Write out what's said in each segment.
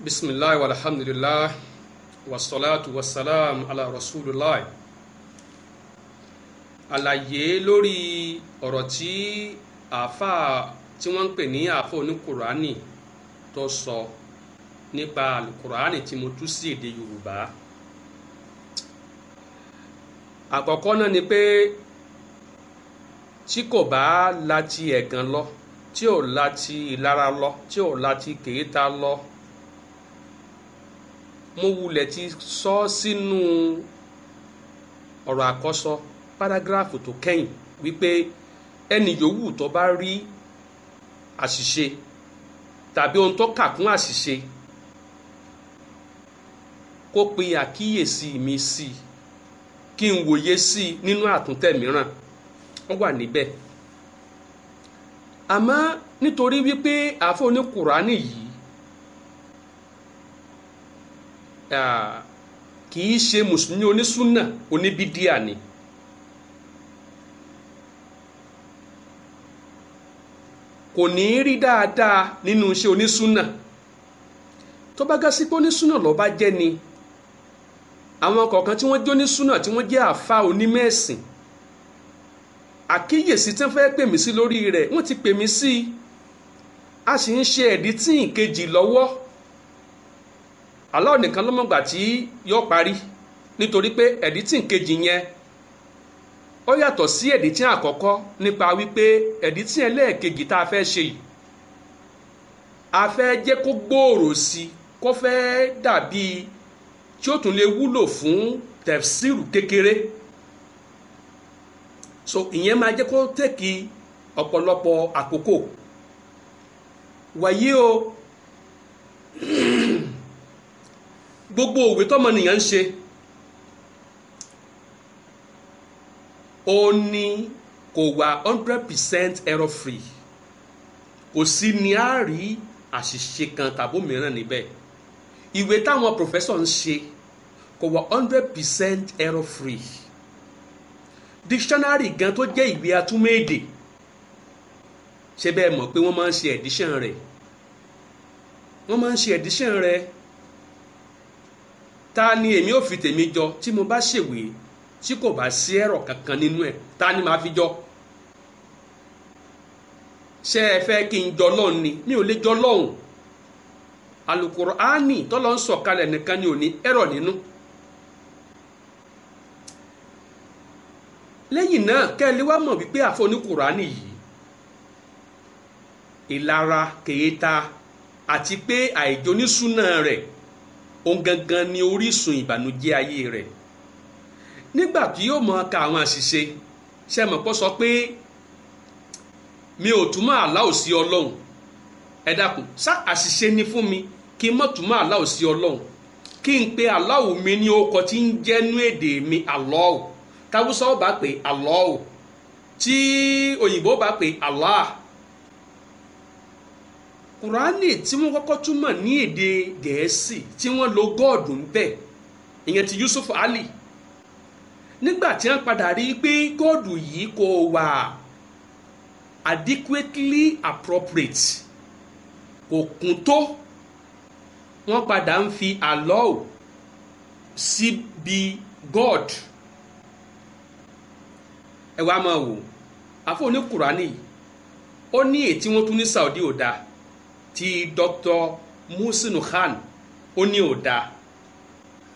bisimilahi walhamdulilahi wasalaatu wasalaam ala rasulilahi àlàyé lórí ọ̀rọ̀ tí àáfàá tí wọ́n ń pè ní àáfàá oníkùránì tó sọ nípa alukùránì tí mo tú sí èdè yorùbá àkọ́kọ́ náà ni pé tí kò bá la ti ẹ̀gàn lọ tí ò la ìlara lọ tí ò la kèéta lọ mo wulẹ̀ ti sọ sínú ọ̀rọ̀ àkọ́sọ párágráfù tó kẹ́yìn wípé ẹni yòówù tó bá rí àṣìṣe tàbí ohun tó kà kún àṣìṣe kó pe àkíyèsí mi sí i kí n wòye sí i nínú àtúntẹ̀ mìíràn ó wà níbẹ̀ àmọ́ nítorí wípé àfọ̀ oníkùránì yìí kì í ṣe mùsùlùmí onísúnà oníbídíà ni. kò ní í rí dáadáa nínú iṣẹ́ onísúnà tó bá ga sí pé onísúnà ló bá jẹ́ ni àwọn kọ̀ọ̀kan tí wọ́n jẹ́ onísúnà tí wọ́n jẹ́ àfa onímẹ̀sìn àkíyèsí tí wọ́n fẹ́ pè mí sí lórí rẹ̀ wọ́n ti pè mí sí a sì ń ṣe ẹ̀dítìn kejì lọ́wọ́ Allah nìkan ló mọ̀gbà tí yóò parí nítorí pé editing kejì yẹn ó yàtọ̀ sí editing àkọ́kọ́ nípa wípé editing ẹlẹ́ẹ̀kejì tá a fẹ́ ṣe yìí a fẹ́ jẹ́ kó gbòòrò sí kó fẹ́ dàbí tí ó tún lè wúlò fún tẹ̀fsíìrù kékeré so ìyẹn máa jẹ́ kó tẹ̀kì ọ̀pọ̀lọpọ̀ àkókò wàyí o gbogbo òwe tọmọnìyàn ń ṣe ó ní kò wà hundred percent error free kò sí ní a rí àṣìṣe kan tàbó mìíràn níbẹ̀ ìwé táwọn professor ń ṣe kò wà hundred percent error free dictionary gan tó jẹ́ ìwé atúmọ̀ èdè ṣé bẹ́ẹ̀ mọ̀ pé wọ́n máa ń ṣe edition rẹ̀ wọ́n máa ń ṣe edition rẹ̀ ta ni èmi ò fi tèmi jọ tí mo bá ṣèwé tí kò bá sí ẹ̀rọ kankan nínú ẹ̀ ta ni màá fi jọ ṣé ẹ fẹ́ kí n jọ lọ́hùn ni mi ò lè jọ lọ́hùn alukur'ani tọ́lọ́ ń sọ̀kalẹ̀ nìkan ni ò ní ẹ̀rọ nínú. lẹ́yìn náà kẹ́lẹ́ wá mọ̀ wípé àfọ̀ní kùránì yìí ìlara kèéta àti pé àìjónísúná rẹ̀ òun gangan ni orísun ìbànújẹ́ ayé rẹ̀ nígbà tí yóò mọ ka àwọn àṣìṣe sẹ́mọ̀pọ̀ sọ pé mi ò túmọ̀ Allah sí ọlọ́run ẹ dákun sá àṣìṣe ni fún mi kí n mọ̀ túmọ̀ Allah sí ọlọ́run kí n pe Allah mi ní orúkọ tí ń jẹ́nu èdè mi Allah táwùsọ̀ bá pè Allah tí òyìnbó bá pè Allah Kurani, tí wọ́n kọ́kọ́ túmọ̀ ní èdè gẹ̀ẹ́sì tí wọ́n lo gọ́ọ̀dù ń ìyẹn ti Yusuf Ali nígbà tí wọ́n padà rí i pé gọ́ọ̀dù yìí kò wà adequately appropriate kò kún tó wọ́n padà ń fi àlọ́ síbi god ẹ wá máa wò àfọ̀ ní kùránì ó ní èyí tí tún ní Saudi ò dáa Ti Dr. Musinu Khan ó ní ò dáa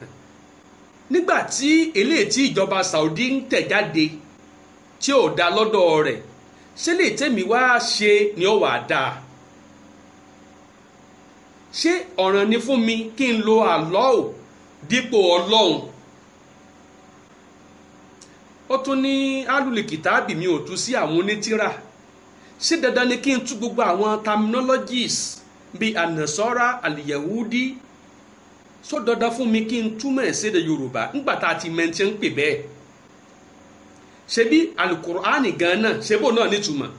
nígbà tí eléyìí tí ìjọba Saudi ń tẹ̀ jáde tí ò dáa lọ́dọ̀ rẹ̀ ṣé lè tẹ̀mí wá ṣe ni ó wà dáa ṣé ọ̀ràn ni fún mi kí n lo àlọ́ò dípò ọlọ́run ó tún ní alùlẹ̀ kìtàbì mi ò tú sí àwọn onítìrà ṣé dandan ni kí n tú gbogbo àwọn terminologies bíi anasora àlìyẹ̀wúdí sọ dandan fún mi kí n túmọ̀ ẹ̀ sédè yorùbá ńgbà tá a ti mẹ́ntì ń pè bẹ́ẹ̀ ṣebí alukur'ani gan náà ṣebó náà nítumọ̀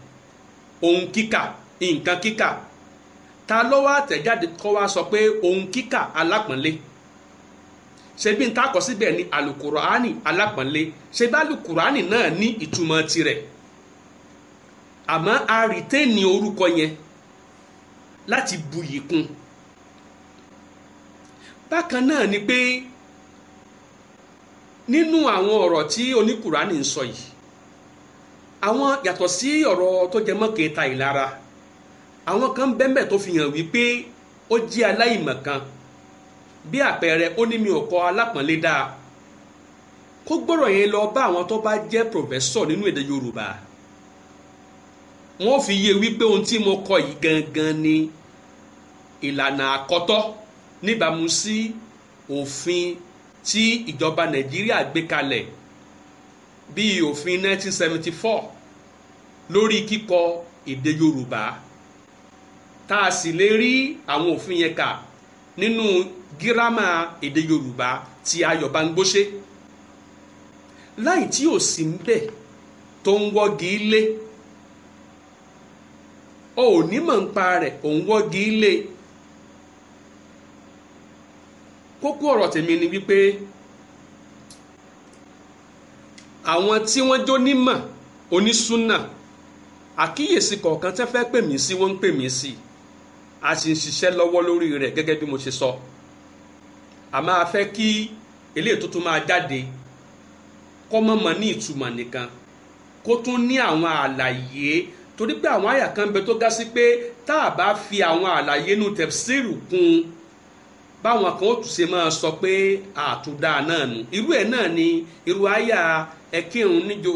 ohun kíkà nǹkan kíkà ta ló wá tẹ̀jáde kọ́ wá sọ pé ohun kíkà alápọ̀nlé ṣebí n ta kọ síbẹ̀ ni alukur'ani alápọ̀nlé ṣebí alukur'ani náà ní ìtumọ̀ tirẹ̀ àmọ́ a rìtẹ́ẹ̀nì orúkọ yẹn láti buyì kún bákan náà ni pé nínú àwọn ọ̀rọ̀ tí oníkùránì ń sọ yìí àwọn yàtọ̀ sí ọ̀rọ̀ tó jẹ mọ́ kẹta ìlara àwọn kan bẹ́ẹ̀ tó fi hàn wípé ó jẹ́ aláìmọ̀kan bí àpẹẹrẹ ó ní mi ò kọ́ alápọ̀nlé dáa kó gbọ́rọ̀ yẹn lọ bá àwọn tó bá jẹ́ pòfẹ́sọ̀ nínú èdè Yorùbá wọ́n fi yé wípé ohun tí mo kọ yìí gangan ni ìlànà àkọ́tọ́ níbàámu sí òfin tí ìjọba nàìjíríà gbé kalẹ̀ bíi òfin 1974 lórí kíkọ èdè yorùbá tá a sì lè rí àwọn òfin yẹn kà nínú gírámà èdè yorùbá tí ayọ̀ Báńgbóṣé láì tí ò sí ń bẹ̀ tó ń wọ́gi lé ọ ò ní mọ̀ ń pa rẹ̀ òun wọ́gi ilé kókó ọ̀rọ̀ tèmi ni wípé àwọn tí wọ́n jó nímọ̀ onísúnà àkíyèsí kọ̀ọ̀kan tẹ́ fẹ́ pè mí sí wọ́n ń pè mí sí a sì ń ṣiṣẹ́ lọ́wọ́ lórí rẹ̀ gẹ́gẹ́ bí mo ṣe sọ a máa fẹ́ kí eléyìí tuntun máa jáde kọ́ mọ̀mọ́ ní ìtumọ̀ nìkan kó tún ní àwọn àlàyé torí pé àwọn àyà kan bẹ tó ga sí pé tá a bá fi àwọn àlàyé inú tẹ̀síìrù kún báwọn kan ó tún ṣe máa sọ pé àtúndà náà nu irú ẹ̀ náà ni irú àyà ẹ kírun níjó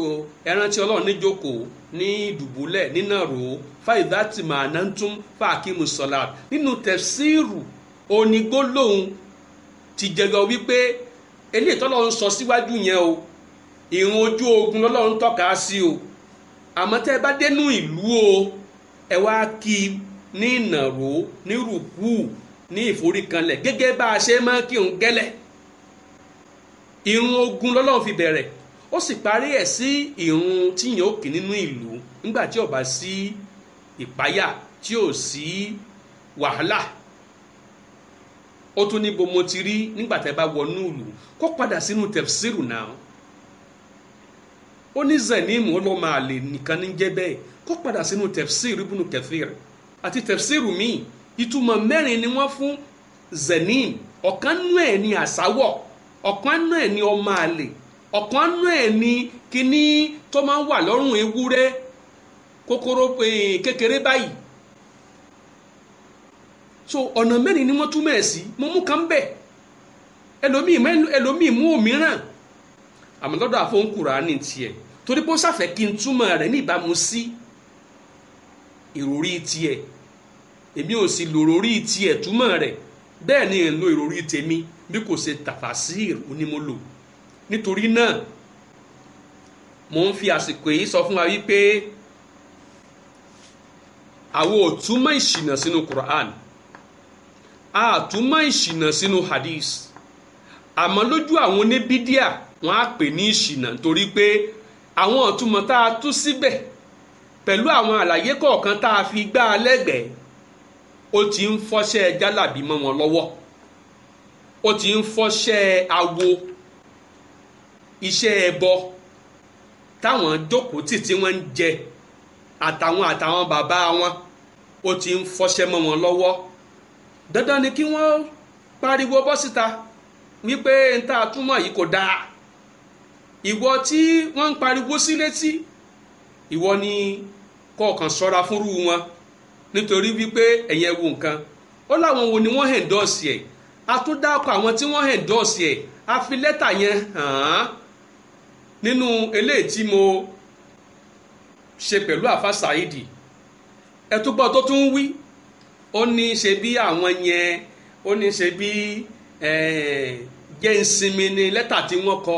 ẹ rántí Ọlọ́run níjókòó ní ìdùbúlẹ̀ nínà rò fáìdátì màá náà tún fàákìmù sọ̀lá nínú tẹ̀síìrù onígbólóhùn ti jẹyọ wípé eléyìí tọ́lọ́run sọ síwájú yẹn o ìrun ojú ogun lọ́lọ́run tọ́ka sí o. àmọ́ tẹ́ ẹ bá dénú ìlú o ẹ wá kí ní ìnàró ní rùkú ní bá a ṣe máa ń kírun gẹ́lẹ́ irun ogun lọ́lọ́run fi bẹ̀rẹ̀ ó sì parí ẹ̀ sí ìrun tíyàn òkè nínú ìlú nígbà tí ti o sí ìpáyà tí ò sí wàhálà ó tún ní bomo ti rí nígbà bá wọnú ìlú kó padà sínú náà ó ní zanimu olómaale nìkan ní jẹ́ bẹ́ẹ̀ kó padà sínú tafsir ibùnú kathir àti tafsir míì ìtumọ̀ mẹ́rin ni wọ́n fún zenim ọ̀kan nú ẹ̀ ní àsáwọ̀ ọ̀kan nú ẹ̀ ní ọmọ àlè ọ̀kan nú ẹ̀ ní kíní tó máa ń wà lọ́rùn ewúrẹ́ kòkòrò kékeré báyìí so ọ̀nà mẹ́rin ni wọ́n túmọ̀ ẹ̀ sí mo mú kan bẹ̀ ẹlòmíì mú òmíràn àmọ́ lọ́dọ̀ àfọ̀n kùránì tiẹ̀ torí pé ó ṣàfẹ́ kí n túmọ̀ rẹ̀ ní ìbámu sí ìròrí tiẹ̀ èmi ò sì lòròrí tiẹ̀ túmọ̀ rẹ̀ bẹ́ẹ̀ ni ń lo ìròrí tèmi bí kò ṣe tàfàṣìr onímọ̀lò nítorí náà mò ń fi àsìkò yìí sọ fún wa wípé àwọn ò ìṣìnà sínú Quran a túmọ̀ ìṣìnà sínú hadith àmọ́ lójú àwọn oníbídíà wọ́n á pè ní ìṣìnà torí pé àwọn ìtumọ̀ tá a tú síbẹ̀ pẹ̀lú àwọn àlàyé kọ̀ọ̀kan tá a fi gbá a lẹ́gbẹ̀ẹ́ ó ti ń fọ́ṣẹ́ jálàbí mọ́ wọn lọ́wọ́ ó ti ń fọ́ṣẹ́ awo iṣẹ́ ẹbọ táwọn jókòó tì tí wọ́n ń jẹ àtàwọn àtàwọn bàbá wọn ó ti ń fọ́ṣẹ́ mọ́ wọn lọ́wọ́ dandan ni kí wọ́n pariwo bọ́ síta wípé n ta túmọ̀ yìí kò dáa ìwọ tí wọ́n ń pariwo sí létí ìwọ ni kọ̀ọ̀kan ṣọ́ra fúnrú wọn nítorí wípé ẹ̀yẹ wo nǹkan ó láwọn wo ni wọ́n hẹ̀ndọ́ọ̀sì ẹ̀ a tún dákọ̀ àwọn tí wọ́n hẹ̀ndọ́ọ̀sì ẹ̀ a fi lẹ́tà yẹn hàn án nínú eléyìí tí mo ṣe pẹ̀lú àfa Saidi ẹtúgbọ́ tó tún wí ó ní ṣe bí àwọn yẹn ó ní ṣe bí eh, jẹ́ ìsinmi ni lẹ́tà tí wọ́n kọ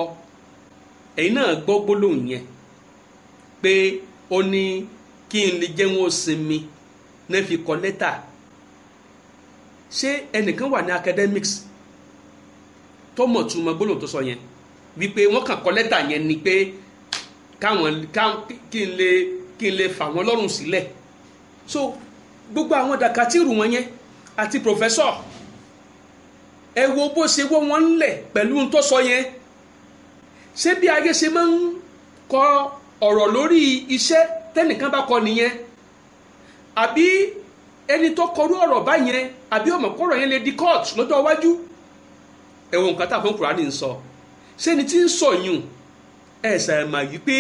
ẹ̀yin náà gbọ́ gbólóhùn yẹn pé ó ní kí n lè jẹ́ wọn sinmi náà fi kọ lẹ́tà ṣé ẹnìkan wà ní academics tó mọ̀ túmọ̀ gbólóhùn tó sọ yẹn wípé wọ́n kàn kọ lẹ́tà yẹn ni pé káwọn kí n lè kí n lè fà wọ́n lọ́rùn sílẹ̀ so gbogbo àwọn dàkátìrù wọn yẹn àti professor ẹ wo bó ṣe wọ́ wọn ń lẹ̀ pẹ̀lú ohun tó sọ yẹn ṣé bí ayé ṣe máa ń kọ ọ̀rọ̀ lórí iṣẹ́ tẹ́nìkan bá kọ nìyẹn àbí ẹni tó kọrú ọ̀rọ̀ báyẹn àbí ọmọ kọ̀rọ̀ yẹn lè di court lọ́jọ́ iwájú ẹ̀wọ̀n nǹkan tá a fún Kùránì ń sọ ṣé ni tí ń sọ yùn ẹ̀ ṣàmà yìí pé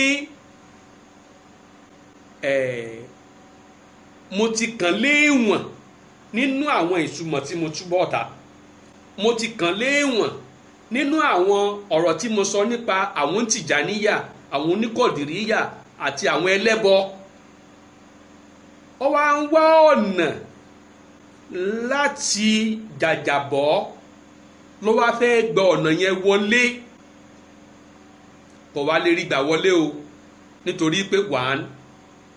mo ti kàn léèwọ̀n nínú àwọn ìtumọ̀ tí mo túbọ̀ ta mo ti kàn léèwọ̀n nínú àwọn ọ̀rọ̀ tí mo sọ nípa àwọn tìjàníyà àwọn oníkọ̀dìríyà àti àwọn ẹlẹ́bọ ó wá ń wá ọ̀nà láti jàjàbọ́ ló wá fẹ́ gba ọ̀nà yẹn wọlé kò wá lè rí gbà wọlé o nítorí pé wàán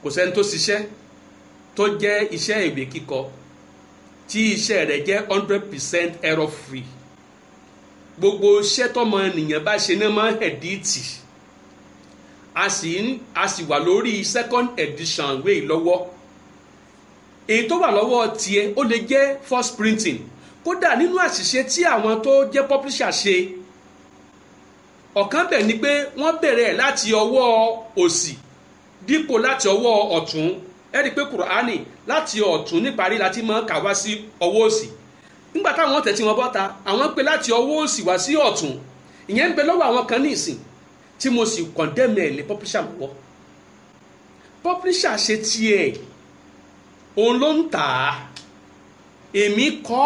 kò sẹ́ni tó ṣiṣẹ́ tó jẹ́ iṣẹ́ ìwé kíkọ tí iṣẹ́ rẹ̀ jẹ́ hundred percent error free gbogbo iṣẹ́ tọmọ ènìyàn bá ṣe náà máa ń ẹ̀díìtì a sì wà lórí second edition ìwé yìí lọ́wọ́ èyí tó wà lọ́wọ́ tiẹ̀ ó lè jẹ́ first printing kódà nínú àṣìṣe tí àwọn tó jẹ́ publisher ṣe ọ̀kan bẹ̀ ni pé wọ́n bẹ̀rẹ̀ láti ọwọ́ òsì dípò láti ọwọ́ ọ̀tún ẹ rí i pé kùránì láti ọ̀tún níparí láti máa kà wá sí ọwọ́ òsì nígbà táwọn tẹ̀ tí wọ́n bọ́ta àwọn pé láti ọwọ́ òsì wá sí ọ̀tún ìyẹn ń bẹ lọ́wọ́ àwọn kan ní ìsìn tí mo sì kọ̀ndẹ́mẹ̀ ẹ̀ lé pọ́píṣà lọ́wọ́ pọ́píṣà ṣe tiẹ̀ òun ló ń tà á èmi kọ́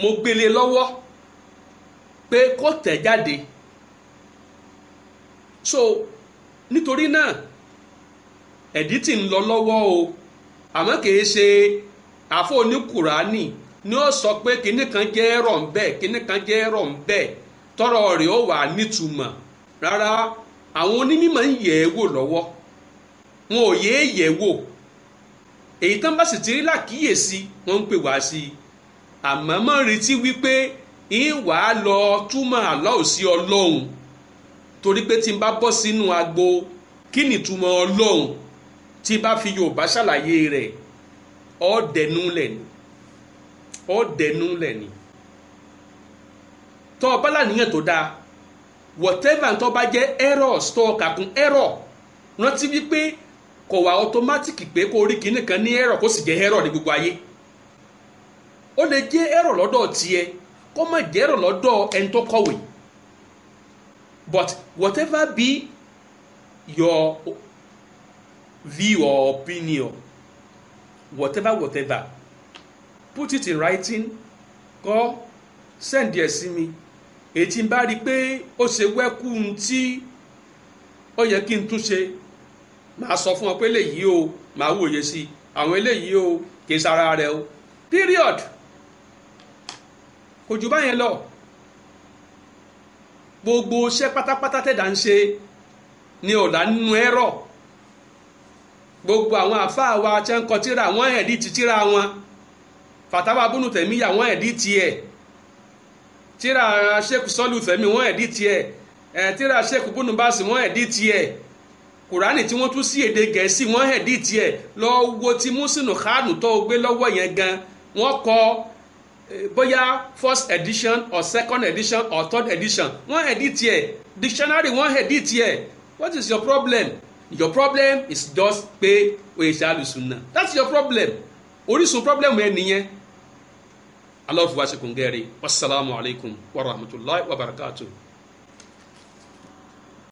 mo gbélé lọ́wọ́ pé kó tẹ̀ jáde so nítorí náà ẹ̀dítì ń lọ lọ́wọ́ o àmọ́ kìí ṣe àfọ̀ oníkùránì ni ó sọ pé kinní kan jẹ́ ẹ̀rọ ń bẹ kinní kan jẹ́ ẹ̀rọ ń bẹ tọrọ rẹ̀ ó wà nítumọ̀ rárá àwọn onímọ̀ ń yẹ̀ ẹ́ wò lọ́wọ́ wọn ò yẹ̀ ẹ́ yẹ̀ wò èyí tán bá sì ti rí làkíyèsí wọn ń pè wá sí i àmọ́ mọ́ retí wípé ìwà lọ túmọ̀ àlọ́ òsì ọlọ́run torí pé tí n bá bọ́ sínú agbo kí ni ìtumọ̀ ọlọ́run tí bá fi Yorùbá ṣàlàyé rẹ̀ ọ́ dẹnu lẹ̀ ọ̀dẹ̀nu lẹ̀ ni tọ́ ọba làníyàn tó dáa whatever tó bá jẹ́ errors tó kàkún error rántí wípé kò wá automatic pé kó rí kinní kan ní error kó sì jẹ́ error ní gbogbo ayé ó lè jẹ́ error lọ́dọ̀ tiẹ̀ kó má jẹ́ error lọ́dọ̀ ẹni tó kọ̀wé but whatever be your view or opinion whatever whatever put it in writing kọ́ send ẹ̀ sí mi èyí tí n bá rí i pé ó ṣe wẹ́kú tí ó yẹ kí n tún ṣe màá sọ fún ọ pé eléyìí o màá wòye sí àwọn eléyìí o kì í sara rẹ o period kò jù báyẹn lọ gbogbo iṣẹ́ pátápátá tẹ̀dá ń ṣe ni ọ̀la nínú ẹ̀rọ gbogbo àwọn àfáà wa tí wọ́n ń kọ tíra wọ́n ẹ̀dí ti tíra wọn fatawa búnú tẹ̀míyà wọ́n ẹ̀dí tiẹ̀ tíra sheikh sọ́lù tẹ̀mí wọ́n ẹ̀dí tiẹ̀ tíra sheikh búnú báàsì wọ́n ẹ̀dí tiẹ̀ kùránì tí wọ́n tún sí èdè gẹ̀ẹ́sì wọ́n ẹ̀dí tiẹ̀ lọ wo ti músìnù kánù tó gbé lọ́wọ́ yẹn gan wọ́n kọ e, bóyá first edition or second edition or third edition wọ́n ẹ̀dí tiẹ̀ dictionary wọ́n ẹ̀dí tiẹ̀ what is your problem your problem is just pé oyè ṣáà lùsùn náà that's your problem orísun problem yẹn nìyẹn aláwọ̀ fi wá sí kùn gẹ́rẹ́ wasalaamualeykum wa rahmatulahi wa barakatuh.